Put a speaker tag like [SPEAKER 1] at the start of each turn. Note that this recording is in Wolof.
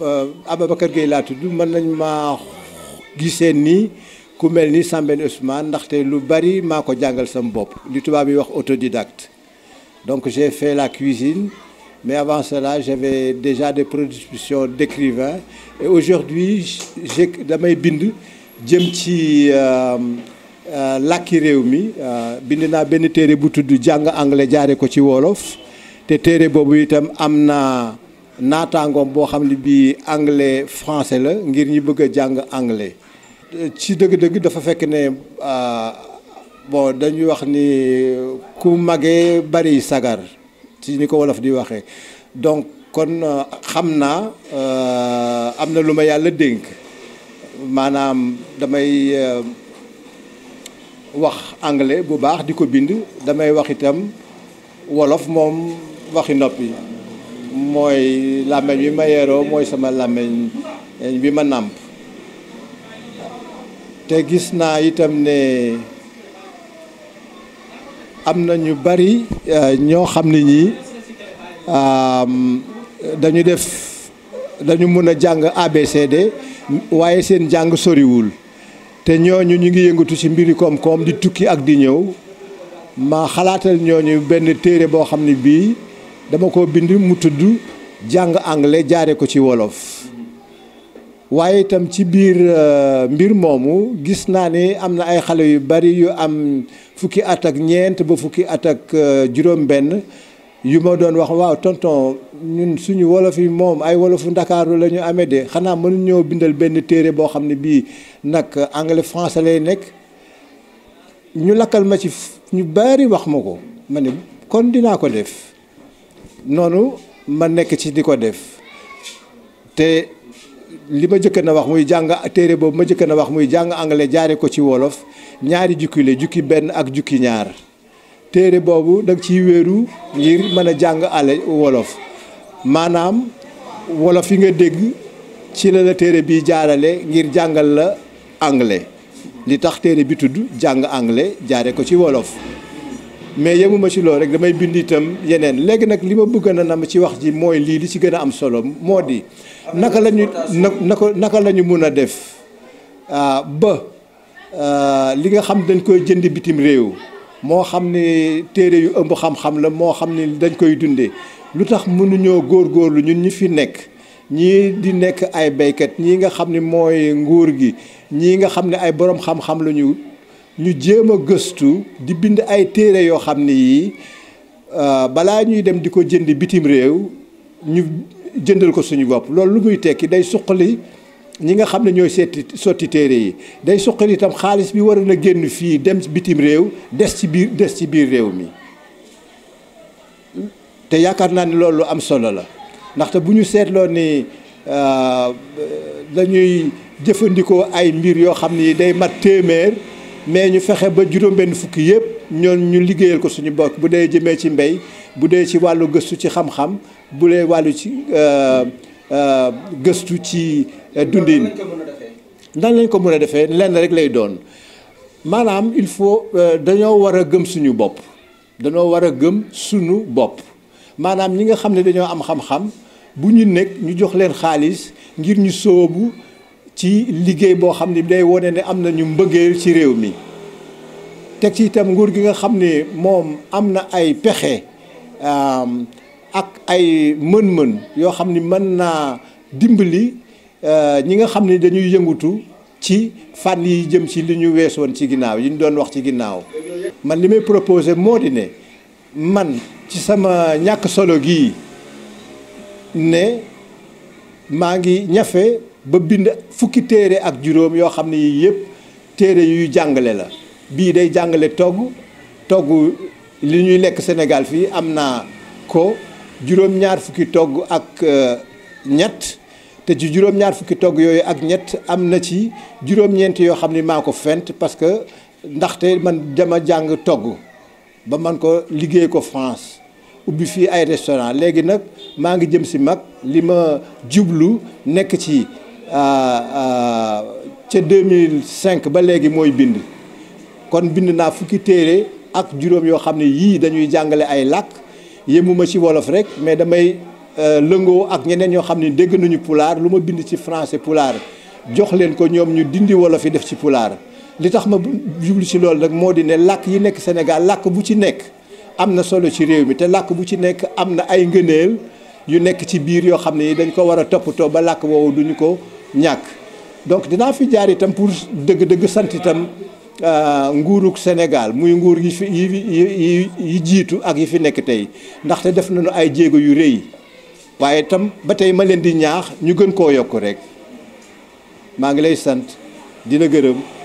[SPEAKER 1] Euh, Ababacar Gueye laa tudd mën nañ maa gisee nii ku mel ni Sambène ndaxte lu bari maa ko jàngal sama bopp li tubaab yi wax autodidacte donc j'ai fait la cuisine mais avant cela j'avais déjà des productions d'écrivains et aujourd'hui j'ai damay bind jëm ci euh, euh, làkki réew mi bind naa benn téere bu tudd jàng anglais jaare ko ci wolof te téere boobu itam am naa naataangoom boo xam ne bii anglais français la ngir ñi bëgg a jàng anglais ci dëgg-dëgg dafa fekk ne euh, bon dañuy wax ni ku magee bari sagar ci ni ko wolof di waxee donc kon euh, xam naa euh, am na lu ma yàlla dénk maanaam damay wax anglais bu baax di ko bind damay wax itam wolof moom waxi noppi mooy làmmeñ bi ma yeroo mooy sama làmmeñ bi eh, ma nàmp te gis naa itam ne am na ñu bari eh, ñoo xam ne ñi dañu def dañu mën a jàng ABCD waaye seen jàng soriwul te ñooñu ñu ngi yëngatu ci mbiri koom-koom di tukki ak di ñëw ma xalaatal ñooñu benn téere boo xam ne bii dama ko bind mu tudd jàng anglais jaare ko ci wolof waaye itam ci biir euh, mbir moomu gis naa ni am na ay xale yu bari yu am fukki at ak ñeent ba fukki at ak euh, juróom-benn yu ma doon wax waaw tonton ñun suñu wolof yi moom ay wolofu ndakaaru la ñu amee de xanaa mënu ñoo bindal benn téere boo xam ne bii nag anglais français lay nekk ñu lakkal ma ci ñu bari wax ma ko ma ne kon dinaa ko def noonu ma nekk ci di ko def te li ma jëkk na wax muy jàng téere boobu ma jëkk na wax muy jàng anglais jaare ko ci wolof ñaari jukki la jukki benn ak jukki ñaar téere boobu da ci wéeru ngir mën a jàng ale wolof maanaam wolof yi nga dégg ci la la téere bi jaarale ngir jàngal la anglais li tax téere bi tudd jàng anglais jaare ko ci wolof mais yemuma ci loolu rek damay bind itam yeneen léegi nag li ma bëgg na nam ci wax ji mooy lii li ci gën a am solo moo di naka la ñu naka naka la ñu mun a def ah, ba ah, li nga xam dañ koy jënd bitim réew moo xam ne téere yu ëmb xam-xam la moo xam ne dañ koy dundee lu tax góor góorgóorlu ñun ñi fi nekk ñii di nekk ay béykat ñii nga xam ni mooy nguur gi ñii nga xam ne ay borom xam-xam la ñu ñu jéem a gëstu di bind ay téere yoo xam ni yii euh, balaa ñuy dem di ko jënd bitim réew ñu jëndal ko suñu bopp loolu lu muy tekki day suqali ñi nga xam ne ñooy seeti sotti téere yi day suqali itam xaalis bi war na génn fii dem bitim réew des ci biir des ci biir réew mi te yaakaar naa ni loolu am solo la ndaxte bu ñu seetloo ni dañuy euh, jëfandikoo ay mbir yoo xam ni day mat téeméer. mais ñu fexe ba juróom-benn fukki yëpp ñoon ñu liggéeyal ko suñu bokk bu dee jëmee ci mbéy bu dee ci wàllu gëstu ci xam-xam bu dee wàllu ci euh, euh, gëstu ci euh, dundin nan lañ ko mën a defee lenn rek lay doon maanaam il faut dañoo war a gëm suñu bopp dañoo war a gëm suñu bopp maanaam ñi nga xam ne dañoo am xam-xam bu ñu nekk ñu jox leen xaalis ngir ñu sóobu ci liggéey boo xam ne day wone ne am na ñu mbëggeel ci réew mi teg ci itam nguur gi nga xam ne moom am na ay pexe ak ay mën-mën yoo xam ni mën naa dimbali euh, ñi nga xam ni dañuy yëngutu ci fànn yi jëm ci li ñu weesoon ci ginnaaw yi ñu doon wax ci ginnaaw man li may proposé moo di ne man ci sama ñàkk solo gii ne maa ngi ñafe ba bind fukki téere ak juróom yoo xam ni yii yëpp téere yuy jàngale la bii day jàngale togg togg li ñuy lekk Sénégal fii am naa ko juróom-ñaar fukki togg ak euh, ñett te ci juróom-ñaar fukki togg yooyu ak ñett am na ci juróom-ñeent yoo xam ne maa ko fent parce que ndaxte man dama jàng togg ba man ko liggéey ko France ubbi fii ay restaurant léegi nag maa ngi jëm si mag li ma jublu nekk ci Euh, euh, ca cinq ba léegi mooy bind kon bind naa fukki téere ak juróom yoo xam ne yii dañuy jàngale ay làkk yemuma ci wolof rek mais damay euh, lëngoo ak ñeneen yoo xam ne dégg nañu pulaar lu ma bind ci français pulaar jox leen ko ñoom ñu dindi wolof yi def ci pulaar li tax ma jublu ci loolu nag moo di ne làkk yi nekk Sénégal làkk bu ci nekk am na solo ci réew mi te làkk bu ci nekk am na ay ngëneel yu nekk ci biir yoo xam ne yi dañ ko war a toppatoo ba làkk woowu duñu ko ñàkk donc dinaa fi jaar itam pour dëgg-dëgg sant itam euh, nguurug Sénégal muy nguur yi fi yi yi yi jiitu ak yi fi nekk tey ndaxte def nañu ay jéego yu rëy waaye itam ba tey ma leen di ñaax ñu gën koo yokk rek maa ngi lay sant dina gërëm.